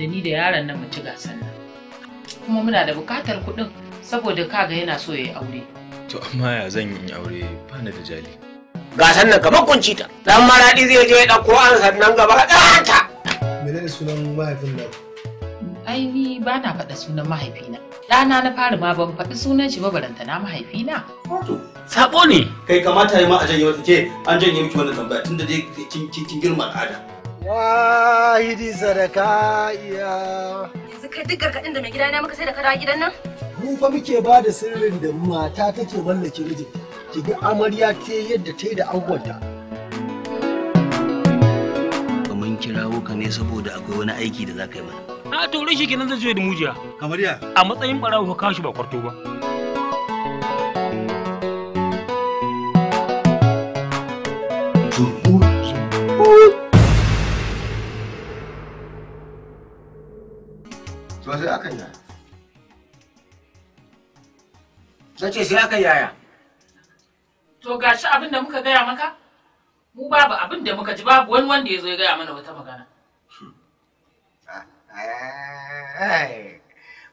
da ni da yaron nan mu ci gasar nan kuma muna da bukatar kuɗin saboda kaga yana so ya yi aure to amma ya zan yi aure ba ni da jali gasar nan kamar kunci ta dan maradi zai je ya dauko an sannan gaba ta menene sunan mahaifin nan ai ni ba na faɗa sunan mahaifina ɗana na fari ma ban faɗi sunan shi mabaranta na mahaifina sabo ne kai kamata yi ma a janye wata ke an janye miki wannan tambaya tunda dai kin girma al'ada wahidi sadaka iya yanzu kai duk gargaɗin da mai gidana muka sai da kara gidan nan mu fa muke ba da sirrin da mata take mallake miji ki ga amarya ta yadda ta yi da angonta mun kirawo ka ne saboda akwai wani aiki da za ka yi mana a to shi kenan zai zo da mujiya kamar a matsayin barawo ka kashi ba kwarto ba sai akan yaya na ce sai akan yaya to gashi abin da muka gaya maka mu babu abin da muka ji babu wani wanda ya zo ya gaya mana wata magana hmm.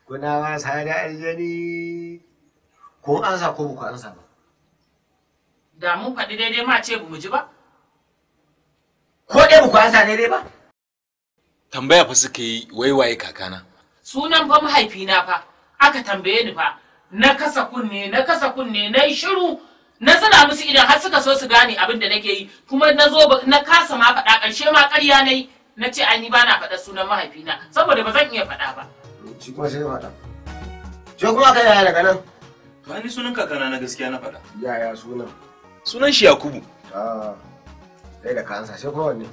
kuna wasa da aljani ko an sa ko ku an sa ba da mun faɗi daidai ma ce mu ji ba ko dai ku an sa daidai ba tambaya fa suka yi waiwaye kakana sunan fa mahaifina fa aka tambaye ni fa na kasa kunne na kasa kunne na yi shiru na zana musu idan har suka so su gane abin da nake yi kuma na zo na kasa ma faɗa ƙarshe ma ƙarya na yi na ce an yi ba na faɗa sunan mahaifina saboda ba zan iya faɗa ba. Shi kuma sai faɗa. Shi kuma ka yaya daga nan? Ba ni sunan kakana na gaskiya na faɗa. Yaya sunan? Sunan shi Yakubu. Ah, sai da kansa sai kuma wanne?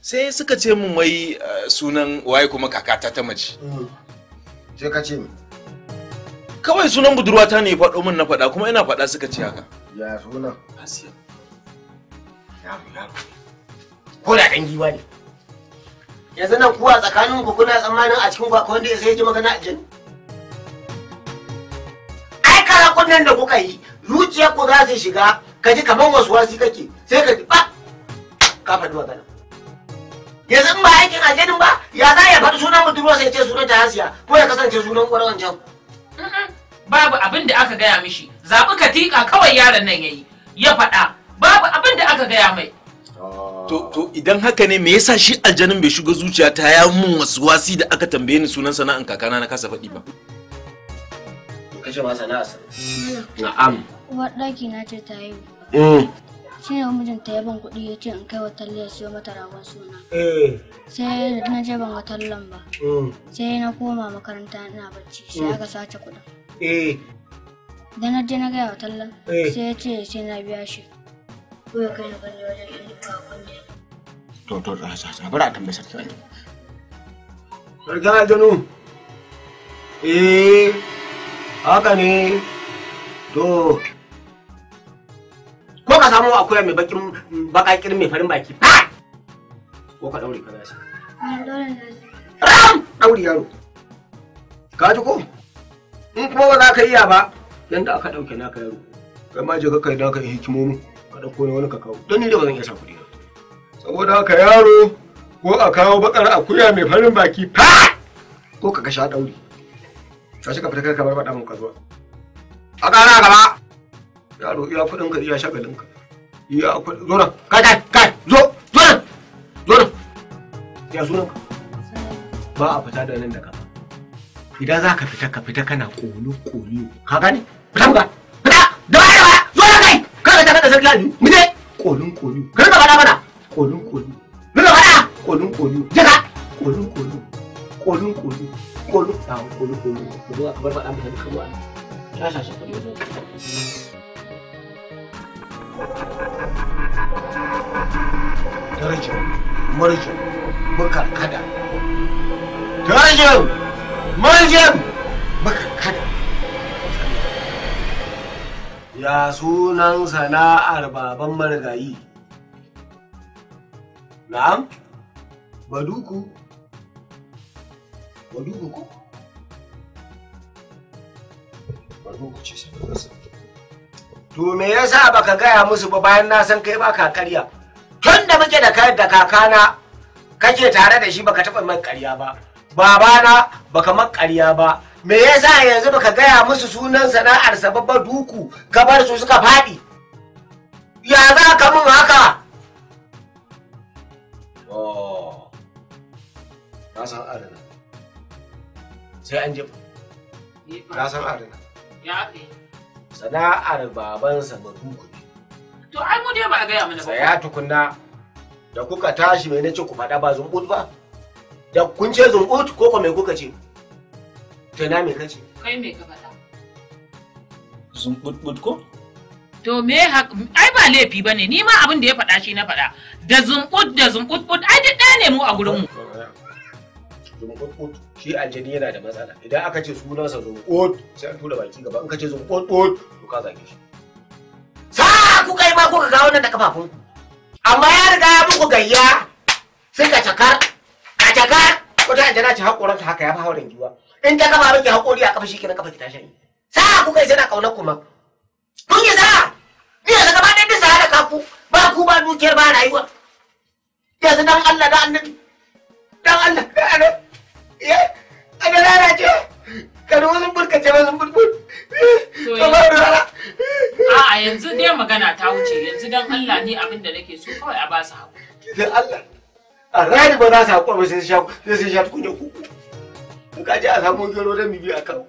Sai suka ce min wai eh, sunan waye kuma kakata ta mace. Mm. sai ka ce kawai sunan budurwata ne faɗo min na faɗa kuma ina faɗa suka ce haka ya suna asiya yaro ya ko da ɗan giwa ne yanzu nan kuwa tsakanin ku kuna tsammanin a cikin kwakwa wanda zai ji magana a jin ai karakun kunnan da kuka yi zuciya ku za su shiga ka ji kamar wasu wasi kake sai ka ji ba ka faɗi magana yanzu in ba aikin aljanin ba ya za ya faɗi sunan budurwa sai ce sunan ta ko ya kasance sunan ƙwararren jan. babu abin da aka gaya mishi zaɓi katika kawai yaron nan ya yi ya faɗa babu abin da aka gaya mai To, to idan haka ne me yasa shi aljanin bai shiga zuciya ta ya mun wasu wasi da aka tambaye ni sunan sana'an kakana na kasa faɗi ba. Kashe ma sana'a Na'am. Uwar ɗaki na ce ta yi. Sai ne mijinta ta ban kuɗi ya ce in kai wa talle ya siyo mata ragon suna eh. sai da na je ban ga tallan ba mm. sai na koma makaranta ina bacci sai mm. aka sace kuɗin eh. da na je na gaya wa tallan eh. sai ya ce sai na biya shi ko ya kai na gani wajen ɗan duka kunne to to to sa bari a tambayi sarki wani sarki ana eh haka ne to ka samu akuya mai bakin bakakin mai farin baki Ha! ko ka daure ka rasa ram daure yaro ka ji ko in kuma ba za ka iya ba yanda aka dauke naka yaro kai ma je ka kai naka hikimomin ka dauko ne wani ka kawo don ni da ba zan iya sa kuɗi saboda haka yaro ko a kawo bakar akuya mai farin baki fa ko ka kasha daure ka shi ka fita kai ka bar faɗa mun ka zuwa a ƙara gaba yaro iya kudin ka iya shagalin ka iya kudin zo nan kai kai zo zo nan zo nan ya zo ka ba a fita da nan da ka idan za ka fita ka fita kana kolo kolo ka gane fita mu fita da ba da waya zo nan kai kar ka taka sarki aliyu mu je kolon kolo kar ka fada mana kolon kolo mu ga fada kolon kolo jaka kolon kolo kolon kolo kolon ta kolon kolo ba ka bar ma dan ka ruwa ta sa sa Darjin, marjin, Ya sunan sana'ar baban marigayi. Na'am, baduku, baduku ko? Baduku ce To me yasa baka gaya musu ba bayan na san kai baka karya? Tun da muke da kai da kakana kake tare da shi baka taɓa man karya ba. Babana baka man karya ba. Me yasa yanzu baka gaya musu sunan sana'ar sababba duku ka bar su suka faɗi? Ya za ka mun haka? na san adana. Sai an je Na san adana. Ya ake. sana'ar babansa madukuɗi. To ai mu dai ba a gaya mana ba. Saya tukunna da kuka tashi mai nace ku faɗa ba zumbut ba. Da kun ce zumbut ko ko me kuka ce? na me kace? Kai me ka faɗa? Zumbutbut ko? To me ai ba laifi ba ne ni ma abin da ya faɗa shi na faɗa da zumbut da zumbutbut ai duk ɗaya ne mu a gurin mu. zumbut shi aljani yana da matsala idan aka ce sunansa zumbut sai an tura baki gaba in ka ce zumbut to ka zage shi sa ku kai ma ka kawo nan da kafafun amma ya riga ya muku gayya sai ka cakar ka cakar wata aljana ce hakoran ta haka ya fi hauren giwa in ta kafa miki hakori a kafa shi kenan kafa ki tashi sa ku kai sai na kaunar kuma kun yi sa ni yanzu gaba ɗaya bisa da kaku ba ku ba dukiyar ba rayuwa yanzu dan Allah da annabi dan Allah da annabi kar burka ce wani burbur kamar rana a yanzu ne magana ta wuce yanzu don Allah ne abin da nake so kawai a ba su hakuri dan Allah a rani ba za su haku ba sai su sha sai su sha tukunya kuku in ka je a samu gero da bibi a kawo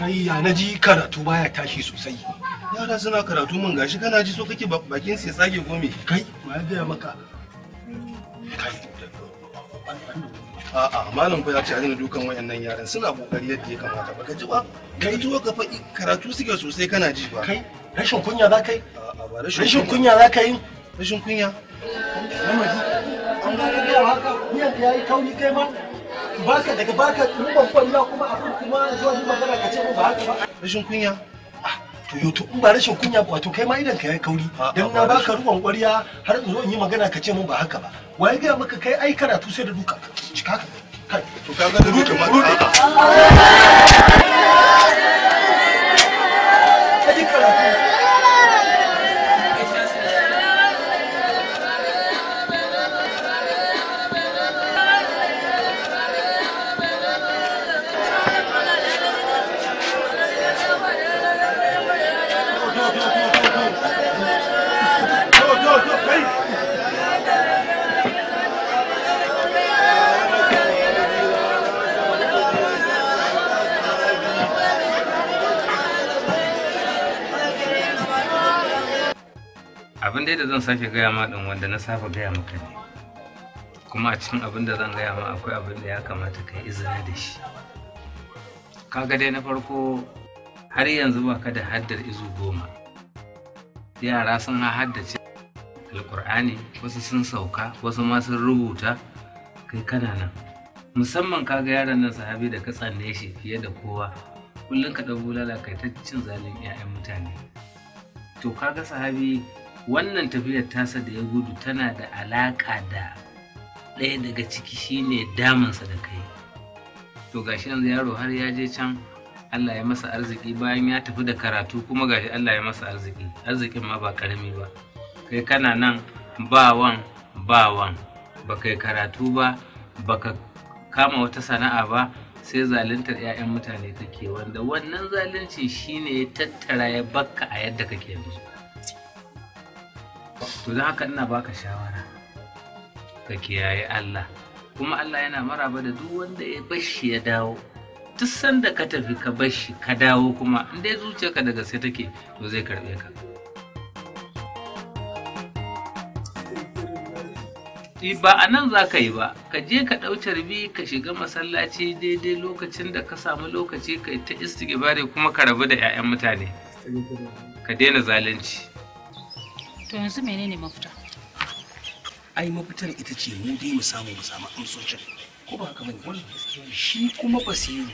kai ya na ji karatu baya tashi sosai yara suna karatu mun gashi kana ji so kake bakin sai tsage gome kai ma ya gaya maka a'a malam fa ya ce a ana dukan wayannan yaran suna kokari yadda ya kamata baka ji ba kai tuwa ka fa karatu suke sosai kana ji ba kai rashin kunya za kai a'a rashin kunya za kai rashin kunya an ga ga haka miyan da yayi kauri kai ma baka daga baka rumban kwalla kuma abin kuma zuwa yi magana ka ce ba haka ba rashin kunya ah, to yo to ba rashin kunya ba to kai ma idan ka yi kauri ah, ah, dan na baka ruwan kwariya har in zo in yi magana ka ce mun ba haka ba wai ga maka kai ai karatu sai da duka cika ka kai to kaga da duka ma sake gaya ma ɗin wanda na saba gaya maka ne kuma a cikin abin da zan gaya ma akwai abin da ya kamata ka yi izina da shi kaga dai na farko har yanzu ba ka da haddar izu goma yara sun haddace alkur'ani wasu sun sauka wasu ma sun rubuta kai kana nan musamman kaga yaran nan sahabi da ka tsanne shi fiye da kowa kullum ka ɗago bulala ta cin zalin 'ya'yan mutane to kaga sahabi wannan tafiyar tasa da ya gudu tana da alaƙa da ɗaya daga ciki shine damansa da kai to gashi yanzu yaro har ya je can Allah ya masa arziki bayan ya tafi da karatu kuma gashi Allah ya masa arziki arzikin ma ba karami ba kai kana nan bawan bawan ba kai karatu ba baka kama wata sana'a ba sai zaluntar 'ya'yan mutane take wanda wannan zalunci shine ya tattara ya bakka a yadda kake yanzu to don haka ina baka shawara ka kiyaye Allah kuma Allah yana maraba da duk wanda ya bashi ya dawo duk sanda ka tafi ka bashi ka dawo kuma in dai zuciyarka da gaske take to zai karbe ka ba a nan za ka yi ba ka je ka ɗau carbi ka shiga masallaci daidai lokacin da ka samu lokaci ka ta istighfari kuma ka rabu da 'ya'yan mutane ka daina zalunci to yanzu menene mafita ai mafitar ita ce mu dai mu samu mu samu amsocin ko ba haka bane shi kuma basiru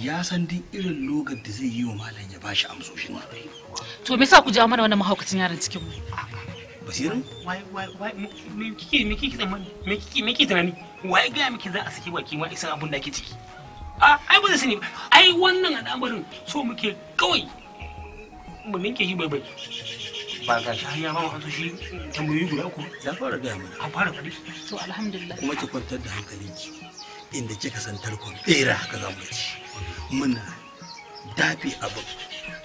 ya san duk irin logar da zai yi wa malam ya bashi amsoshin nan to me yasa ku ja mana wannan mahaukacin yaran cikin mu basiru wai wai wai me kike me kike tsammani me kike me kike tunani wai ga miki za a saki baki ma isa abun da ke ciki a ai ba zai sani ai wannan al'amarin so muke kawai mu ninke shi bai bai ba ga shi har ya ba wasu shi ta tambayoyi guda uku ya fara gaya mana a fara faɗi to alhamdulillah kuma ki kwantar da hankalinki inda kika san tarkon bera haka za mu ci muna dafi abu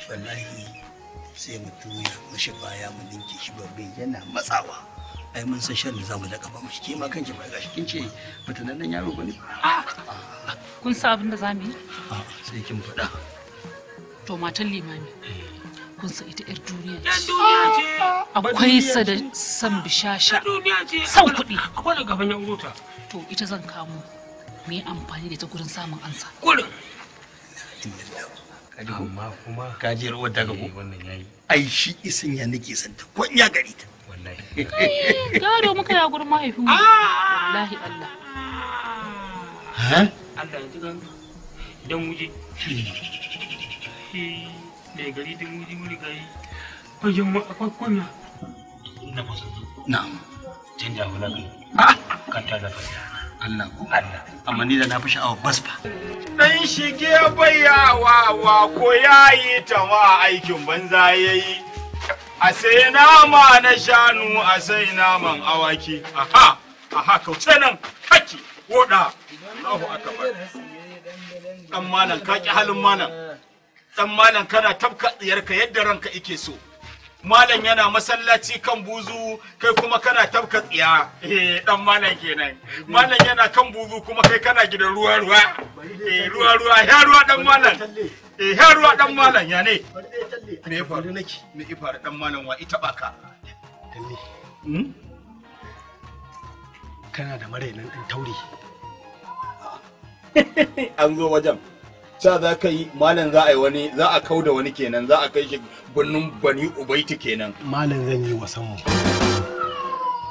wallahi sai mu juya mashi baya mu dinke shi babbe yana matsawa ai mun san sharri za mu daga ba mu ke ma kanki ba gashi kin ce fitinan nan yaro bane kun sa abin da za mu yi sai kin faɗa to matan limami eh. kun sa ita yar duniya ce akwai sa da san bishasha san kuɗi akwai gaban yan to ita zan kamo mu amfani da ta gurin samun ansa gurin ma kuma ka rawar daga ko eh, ai shi isin ya nake san ta ko ya gari ta wallahi eh, eh, gado muka ya gurin mahaifin ah! wallahi Allah ha Allah ya hmm. gari muje gari akwai kunya na musulmi na'am tun da hula kai ah! kan ta da fata Allah ko Allah amma ni da na fi sha'awa bas ba dan shige bayawa wa ko yayi ta ma aikin banza yayi a sai nama na shanu a sai naman awaki aha aha kauce nan haki koda Allahu akbar dan malam ka ki halin malam dan malam kana tabka tsiyarka yadda ranka ike so malam yana masallaci kan buzu kai kuma kana tabka tsiya eh dan malam kenan malam yana kan buzu kuma kai kana gidan ruwa ruwa eh ruwa ruwa ya ruwa dan malam eh ya ruwa dan malam ya ne me ya faru nake me ya faru dan malam wa ita baka talle hmm? kana da marainan dan tauri an zo wajen sa za ka yi malam za a yi wani za a kauda wani kenan za a kai shi birnin bani ubaiti kenan malam zan yi wa samu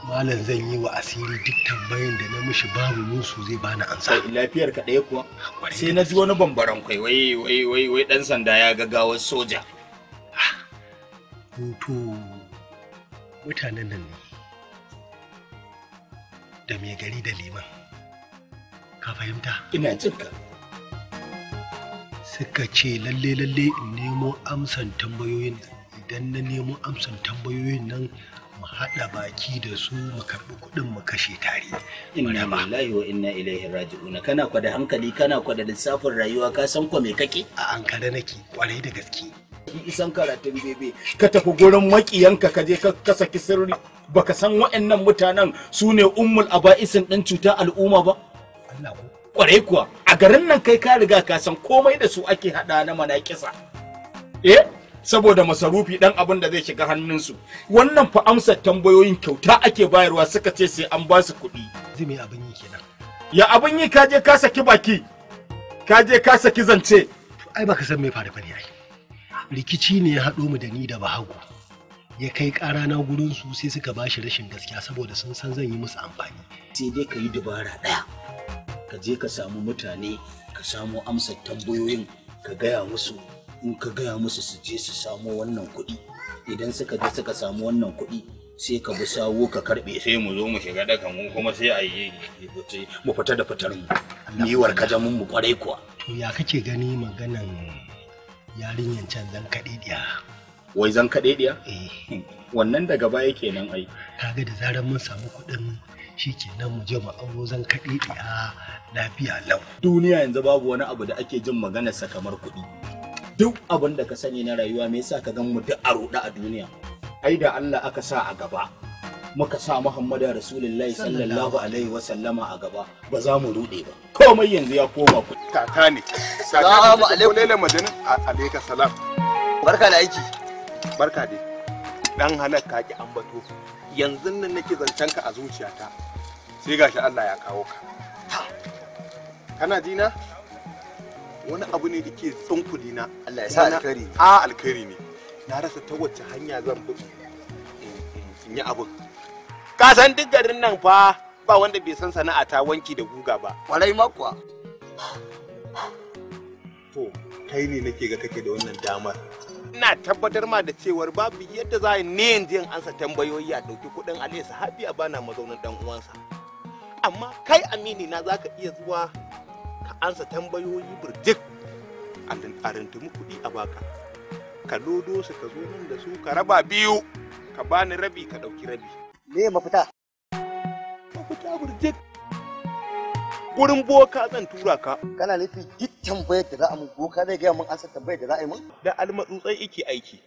malam zan yi wa asiri duk tambayin da na mishi babu musu zai bani ansa lafiyar ka ɗaya kuwa sai na ji wani bambaran kai wai wai wai wai dan sanda ya ga gawar soja to mutanen nan ne da mai gari da liman ka fahimta ina jin ka suka ce lalle lalle in nemo amsan tambayoyin idan na nemo amsan tambayoyin nan mu haɗa baki da su mu karɓi kuɗin mu kashe tare. Inna lillahi wa inna ilaihi raji'un kana kwada hankali kana kwada lissafin rayuwa ka san ko me kake? A kare nake kwarai da gaske. isan karatun bebe ka tafi gurin makiyanka ka je ka saki sirri baka san waɗannan mutanen su ne ummul aba'isin ɗin cutar al'umma ba. Allah ko kwarai kuwa a garin nan kai ka riga ka san komai da su ake hada na manakisa eh saboda masarufi dan abin da zai shiga hannunsu wannan fa amsar tambayoyin kyauta ake bayarwa suka ce sai an ba su kuɗi zai abin yi kenan ya abin yi ka je ka saki baki ka je ka saki zance ai baka san me faru fari ai rikici ne ya haɗo mu da ni da bahago ya kai ƙara na gurin su sai suka bashi rashin gaskiya saboda sun san zan yi musu amfani sai dai ka yi dubara ɗaya ka je ka samu mutane ka samu amsa tambayoyin ka gaya musu in ka gaya musu su je su samu wannan kuɗi idan suka je suka samu wannan kuɗi sai ka bi sawo ka karɓe sai mu zo mu shiga daga mu kuma sai a yi mu fita da fitar mu Miwar ka zama mu kwarai kuwa to ya kake gani maganan yarinyan can zan kaɗiɗiya wai zan kaɗiɗiya eh wannan daga baya kenan ai kaga da zarar mun samu kuɗin shikenan mu je mu auro zan kaɗe ɗiya lafiya lau duniya yanzu babu wani abu da ake jin maganarsa kamar kuɗi duk abin da ka sani na rayuwa me yasa ka gan mu duk a roɗa a duniya ai da Allah aka sa a gaba muka sa Muhammadu Rasulullahi sallallahu alaihi wa sallama a gaba ba za mu rude ba komai yanzu ya koma ku tata ne salamu alaikum laila madanin alaika salam barka da aiki barka dai dan halak ki ambato yanzu nan nake zancen ka a zuciyata sai gashi Allah ya kawo ka kana ji na wani abu ne da ke tsunkuli na Allah ya sa alkhairi a alkhairi ne na rasa ta wacce hanya zan bi in yi abin ka san duk garin nan fa ba wanda bai san sana'a ta wanki da guga ba kwarai ma kuwa to kai ne nake ga kake da wannan damar ina tabbatar ma da cewar babu yadda za ne yanzu in ansa tambayoyi a ɗauki kuɗin alisa sahabi a bana mazaunin ɗan uwansa amma kai amini na za ka iya zuwa ka ansa tambayoyi birjik a rintumi kuɗi a baka ka lodo su ka zo min da su ka raba biyu ka bani rabi ka ɗauki rabi me mafita mafita birjik gurin boka zan tura ka kana nufi duk tambayar da za a mun boka zai gaya mun ansa tambayar da za a yi mun da almatsutsai yake aiki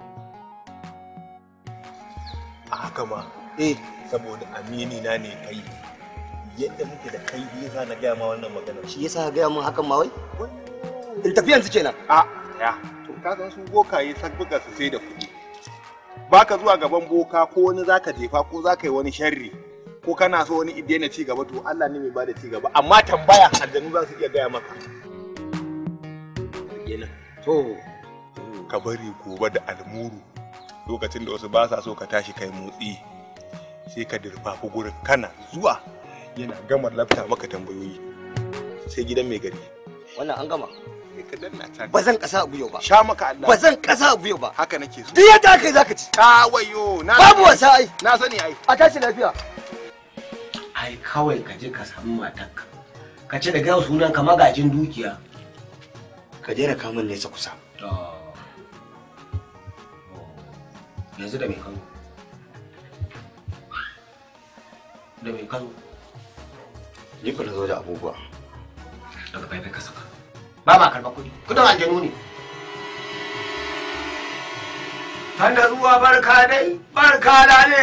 a haka ma eh saboda amini na ne kai yadda muke da kai za na gaya ma wannan magana shi yasa ka gaya mun hakan ma wai in tafi yanzu kenan a ya to ka san su yi sabbuka su sai da kuɗi baka zuwa gaban boka ko wani zaka jefa ko zaka yi wani sharri ko kana so wani idena ci gaba to Allah ne mai bada ci gaba amma tambaya aljanu za su iya gaya maka to ka bari gobe da almuru lokacin da wasu ba sa so ka tashi kai motsi sai ka dirfafi gurin kana zuwa yana gama lafta maka tambayoyi sai gidan mai gari wannan an gama ba zan kasa abu yau ba sha maka Allah ba zan kasa abu yau ba haka nake so duk yadda kai zaka ci ta wayo na babu wasa ai na sani ai a tashi lafiya ai kawai ka je ka samu matarka ka ce da gaya sunan ka magajin dukiya ka je da kamun nesa kusa yanzu da mai kano da mai kano ni ku na zo da abubuwa daga bai bai kasa ba ma karba kudi kudin aljanu ne tanda ruwa barka dai barka da ne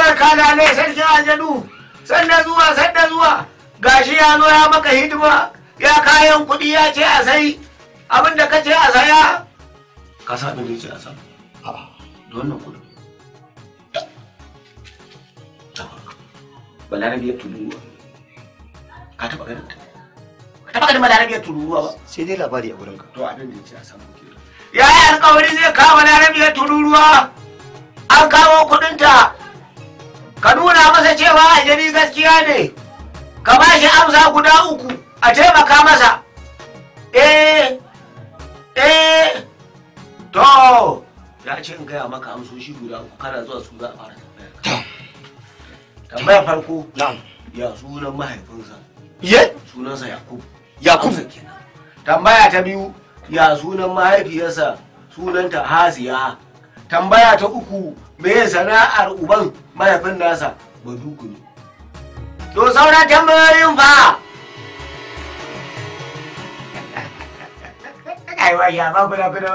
barka da ne sarkin aljanu Sanda zuwa sanda zuwa gashi ya zo ya maka hidima ya kayan kuɗi ya ce a sai abin da ka ce a saya ka sa da ce a sa da wannan kuɗi balarabiyar tururuwa ka taɓa ganin ta ka taɓa ganin balarabiyar tururuwa ba sai dai labari a wurinka to abin da ya ce a ya yaya alkawari zai kawo balarabiyar tururuwa an kawo kuɗinta ka nuna masa cewa aljani gaskiya ne ka ba shi amsa guda uku a taimaka masa eh eh to ya ce in gaya maka amsoshi guda uku kana zuwa su za a fara tambaya tambaya farko ya sunan mahaifinsa ye sunansa Yakubu yakub tambaya ta biyu ya sunan mahaifiyarsa sunanta hasiya tambaya ta uku zana sana'ar uban mahaifin nasa duku ne to saura tambayoyin fa aiwa ya ba bula bula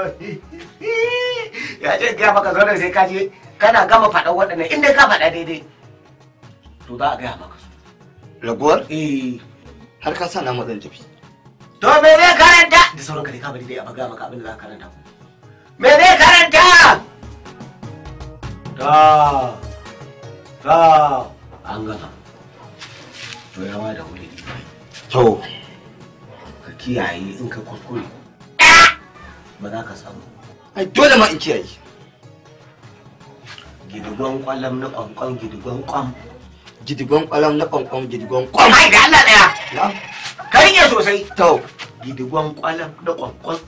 ya ce gaya maka zaune sai ka je kana gama faɗa waɗannan inda ka faɗa daidai to za a gaya maka su raguwar eh har ka sa na mazan tafi to me zai karanta da sauran ka dai ka bari dai a gaya maka abin da za ka karanta me zai karanta ta ta an gama to yawa da wuri to ka kiyaye in ka kuskure ba ka samu ai dole ma in kiyaye gidigon kwalam na kwankwan gidigon kwam gidigon kwalam na kwankwan gidigon kwam ai da Allah daya ka rike sosai to gidigon kwalam na kwankwan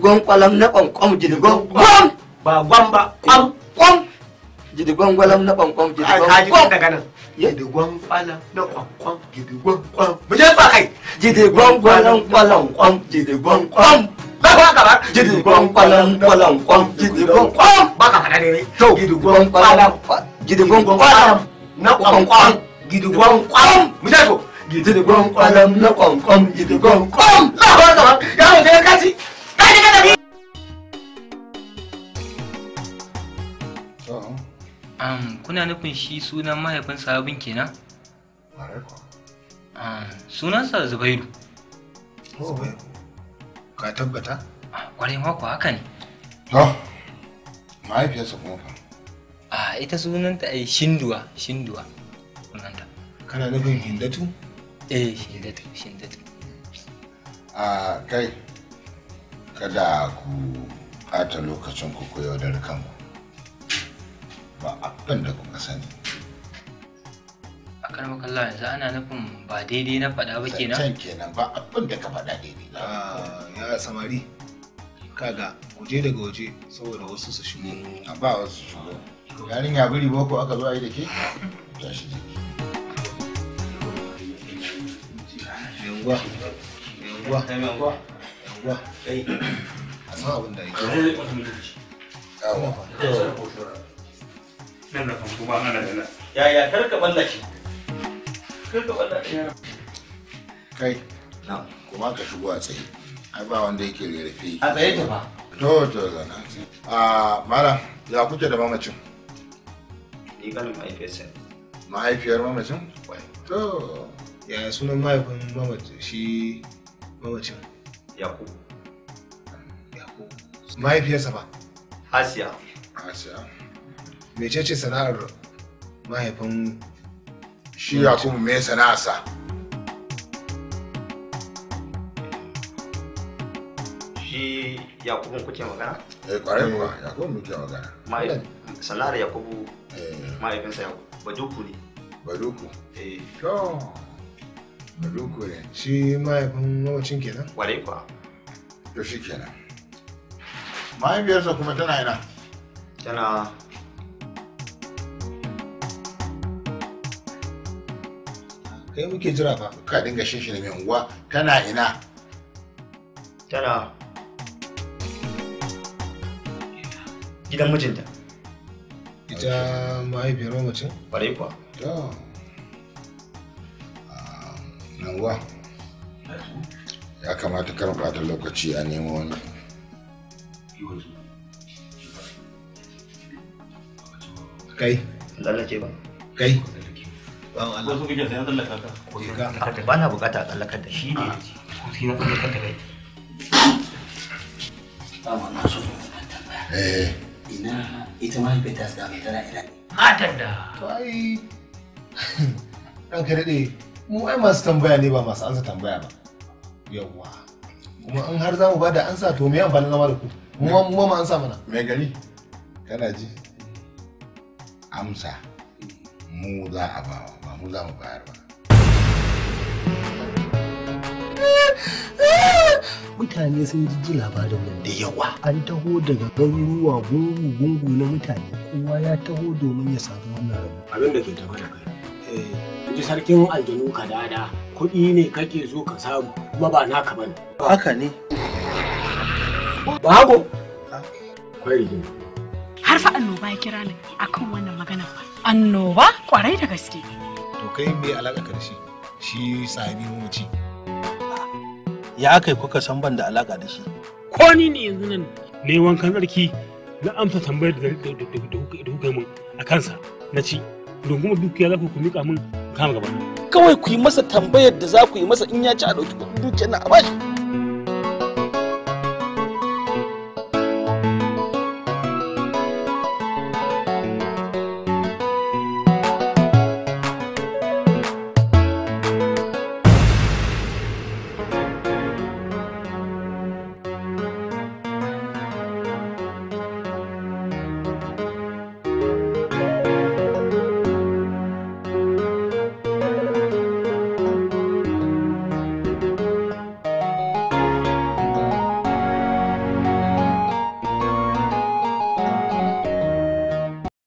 kwam kwalam kwam ba gwamba am kwam jidi gwangwalam na kwankwam jidi gwangwalam daga nan jidi gwangwalam na kwankwam jidi gwangwam mu je ba kai jidi gwangwalam kwalam kwam jidi gwangwam ba ba ka ba jidi gwangwalam kwalam kwam jidi gwangwam ba ka fada ne to jidi gwangwalam jidi gwangwalam na kwankwam jidi gwangwam mu je to jidi gwangwalam na kwankwam jidi gwangwam ba ba ka ba kuna nufin shi sunan mahaifin sahabin kenan? Ah, sunansa Zubairu. Zubairu. Oh. Ka tabbata? Ah, kwarai mako haka ne. To, mahaifiyarsa kuma fa. A ah, ita sunanta ai eh, Shinduwa, Shinduwa. Sunanta. Kana nufin Hindatu? Eh, Hindatu, Hindatu. A kai, kada ku ata lokacin ku koyo da kanku. ba abin da kuka sani a karmar kalla yanzu ana nufin ba daidai na faɗa ba kenan can kenan ba abin da ka faɗa daidai ba ah, ya samari kaga guje daga waje saboda wasu su shigo a hmm, ba wasu shigo ya biri boko aka zo a yi da ke tashi jiki yanguwa yanguwa yanguwa yanguwa a abin da yake yawa nan da kuma ana da nan yaya kar ka balla shi kar ka balla kai na kuma ka shigo a tsaye ai ba wanda yake rarrafe a tsaye ta ba to to zana a mara ya kuke da mamacin ni kanin mahaifiyarsa mahaifiyar mamacin to yaya sunan mahaifin mamacin shi mamacin yakubu yakubu mahaifiyarsa ba asiya asiya mecece sana'ar mahaifin shi ya kuma mai sana'arsa shi yakubun kuke magana? eh kwarai kuwa eh. yakubun kuke magana sana'ar yakubu eh. mahaifinsa baduku ne baduku eh to baduku ne shi mahaifin mawacin kenan kwarai kuwa to shi kenan mahaifiyarsa kuma tana ina tana kai muke jira fa ka dinga shi da mai unguwa tana ina tana gidan mijinta ita mahaifiyar mamacin ƙwarai kuwa to um, nanguwa ya kamata kar da lokaci a nemo wani kai lalace ba kai ko su kake bukata a tsallakar da shi ne ah. sai na tsallakar da kai dama na so ina tas eh. ne da mu ai masu tambaya ne ba masu ansa tambaya ba yawwa kuma in har za mu ba da ansa to me amfanin zama da ku mu ma ansa mana mai gari kana ji amsa mu za a bawa ba mu bayar ba mutane sun ji labarin nan da yawa an taho daga garuruwa gungu-gungu na mutane kowa ya taho domin ya samu wannan rabu abin da ke tafi da kai eh, ji sarkin aljanu ka dada kuɗi ne kake so ka samu kuma ba naka bane haka ne bago kwai rigima har fa annoba ya kira ni akan wannan magana annoba kwarai da gaske to kai me alaka da shi shi mamaci ya aka kuka san ban da alaka da shi ko ni ne yanzu nan ne wankan tsarki na amsa tambayar da kuka min a kansa na ci runguma dukiya za ku miƙa min kama gaba kawai ku yi masa tambayar da za ku yi masa in ya ci a ɗauki dukiyar na a bashi